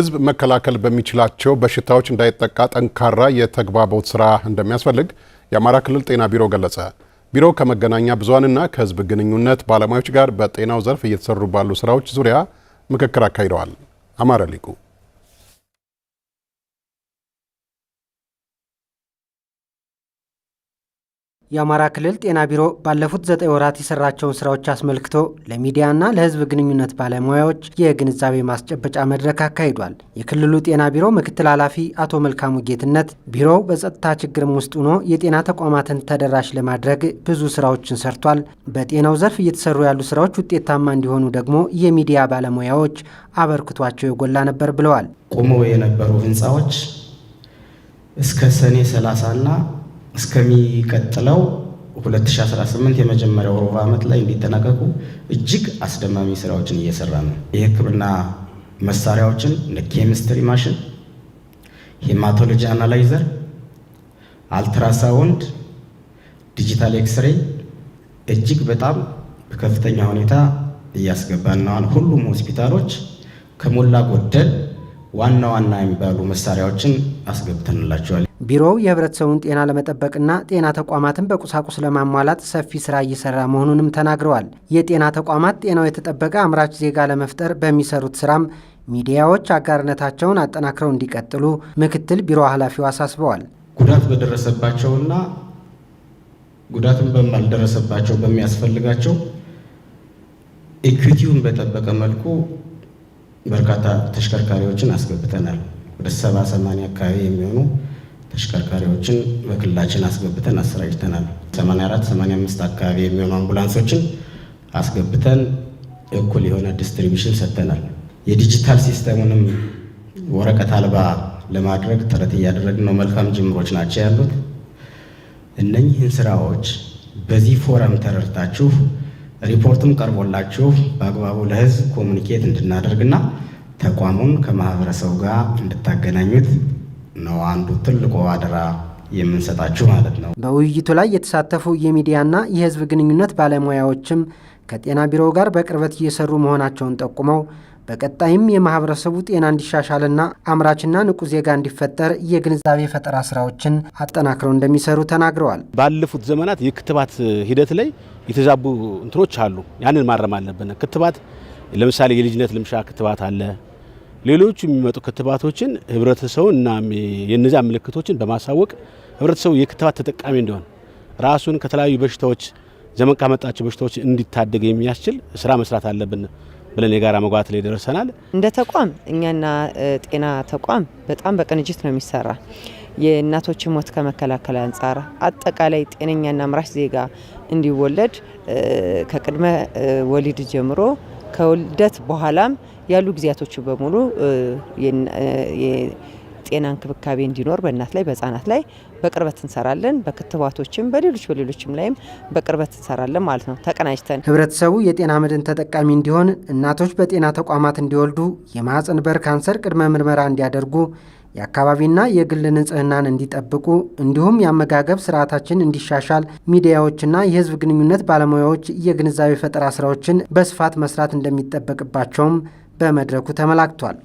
ህዝብ መከላከል በሚችላቸው በሽታዎች እንዳይጠቃ ጠንካራ የተግባቦት ስራ እንደሚያስፈልግ የአማራ ክልል ጤና ቢሮ ገለጸ። ቢሮው ከመገናኛ ብዙሃንና ከህዝብ ግንኙነት ባለሙያዎች ጋር በጤናው ዘርፍ እየተሰሩ ባሉ ስራዎች ዙሪያ ምክክር አካሂደዋል። አማረ ሊቁ የአማራ ክልል ጤና ቢሮ ባለፉት ዘጠኝ ወራት የሰራቸውን ስራዎች አስመልክቶ ለሚዲያና ለሕዝብ ግንኙነት ባለሙያዎች የግንዛቤ ማስጨበጫ መድረክ አካሂዷል። የክልሉ ጤና ቢሮ ምክትል ኃላፊ አቶ መልካሙ ጌትነት ቢሮው በጸጥታ ችግርም ውስጥ ሆኖ የጤና ተቋማትን ተደራሽ ለማድረግ ብዙ ስራዎችን ሰርቷል። በጤናው ዘርፍ እየተሰሩ ያሉ ስራዎች ውጤታማ እንዲሆኑ ደግሞ የሚዲያ ባለሙያዎች አበርክቷቸው የጎላ ነበር ብለዋል። ቆመው የነበሩ ህንፃዎች እስከ ሰኔ 30 እና እስከሚቀጥለው 2018 የመጀመሪያው ሩብ ዓመት ላይ እንዲጠናቀቁ እጅግ አስደማሚ ስራዎችን እየሰራ ነው። የህክምና መሳሪያዎችን እንደ ኬሚስትሪ ማሽን፣ ሄማቶሎጂ አናላይዘር፣ አልትራሳውንድ፣ ዲጂታል ኤክስሬ እጅግ በጣም በከፍተኛ ሁኔታ እያስገባን ነው። ሁሉም ሆስፒታሎች ከሞላ ጎደል ዋና ዋና የሚባሉ መሳሪያዎችን አስገብተንላቸዋል። ቢሮው የህብረተሰቡን ጤና ለመጠበቅና ጤና ተቋማትን በቁሳቁስ ለማሟላት ሰፊ ስራ እየሰራ መሆኑንም ተናግረዋል። የጤና ተቋማት ጤናው የተጠበቀ አምራች ዜጋ ለመፍጠር በሚሰሩት ስራም ሚዲያዎች አጋርነታቸውን አጠናክረው እንዲቀጥሉ ምክትል ቢሮ ኃላፊው አሳስበዋል። ጉዳት በደረሰባቸውና ጉዳትን በማልደረሰባቸው በሚያስፈልጋቸው ኢኩዊቲውን በጠበቀ መልኩ በርካታ ተሽከርካሪዎችን አስገብተናል። ወደ ሰባ ሰማንያ አካባቢ የሚሆኑ ተሽከርካሪዎችን በክልላችን አስገብተን አሰራጭተናል። 84 85 አካባቢ የሚሆኑ አምቡላንሶችን አስገብተን እኩል የሆነ ዲስትሪቢሽን ሰጥተናል። የዲጂታል ሲስተሙንም ወረቀት አልባ ለማድረግ ጥረት እያደረግን ነው። መልካም ጅምሮች ናቸው ያሉት። እነኚህን ስራዎች በዚህ ፎረም ተረድታችሁ ሪፖርትም ቀርቦላችሁ በአግባቡ ለህዝብ ኮሚኒኬት እንድናደርግና ተቋሙን ከማህበረሰቡ ጋር እንድታገናኙት ነው አንዱ ትልቁ አደራ የምንሰጣችሁ ማለት ነው። በውይይቱ ላይ የተሳተፉ የሚዲያና የህዝብ ግንኙነት ባለሙያዎችም ከጤና ቢሮ ጋር በቅርበት እየሰሩ መሆናቸውን ጠቁመው በቀጣይም የማህበረሰቡ ጤና እንዲሻሻልና አምራችና ንቁ ዜጋ እንዲፈጠር የግንዛቤ ፈጠራ ስራዎችን አጠናክረው እንደሚሰሩ ተናግረዋል። ባለፉት ዘመናት የክትባት ሂደት ላይ የተዛቡ እንትኖች አሉ። ያንን ማረም አለብን። ክትባት ለምሳሌ የልጅነት ልምሻ ክትባት አለ። ሌሎቹ የሚመጡ ክትባቶችን ህብረተሰቡ እና የእነዚያ ምልክቶችን በማሳወቅ ህብረተሰቡ የክትባት ተጠቃሚ እንዲሆን ራሱን ከተለያዩ በሽታዎች ዘመን ካመጣቸው በሽታዎች እንዲታደግ የሚያስችል ስራ መስራት አለብን ብለን የጋራ መግባት ላይ ደርሰናል። እንደ ተቋም እኛና ጤና ተቋም በጣም በቅንጅት ነው የሚሰራ። የእናቶችን ሞት ከመከላከል አንጻር አጠቃላይ ጤነኛና አምራች ዜጋ እንዲወለድ ከቅድመ ወሊድ ጀምሮ ከውልደት በኋላም ያሉ ጊዜያቶች በሙሉ የጤና እንክብካቤ እንዲኖር በእናት ላይ በህጻናት ላይ በቅርበት እንሰራለን። በክትባቶችም በሌሎች በሌሎችም ላይም በቅርበት እንሰራለን ማለት ነው። ተቀናጅተን ህብረተሰቡ የጤና መድን ተጠቃሚ እንዲሆን እናቶች በጤና ተቋማት እንዲወልዱ፣ የማህፀን በር ካንሰር ቅድመ ምርመራ እንዲያደርጉ የአካባቢና የግል ንጽህናን እንዲጠብቁ እንዲሁም የአመጋገብ ስርዓታችን እንዲሻሻል ሚዲያዎችና የህዝብ ግንኙነት ባለሙያዎች የግንዛቤ ፈጠራ ስራዎችን በስፋት መስራት እንደሚጠበቅባቸውም በመድረኩ ተመላክቷል።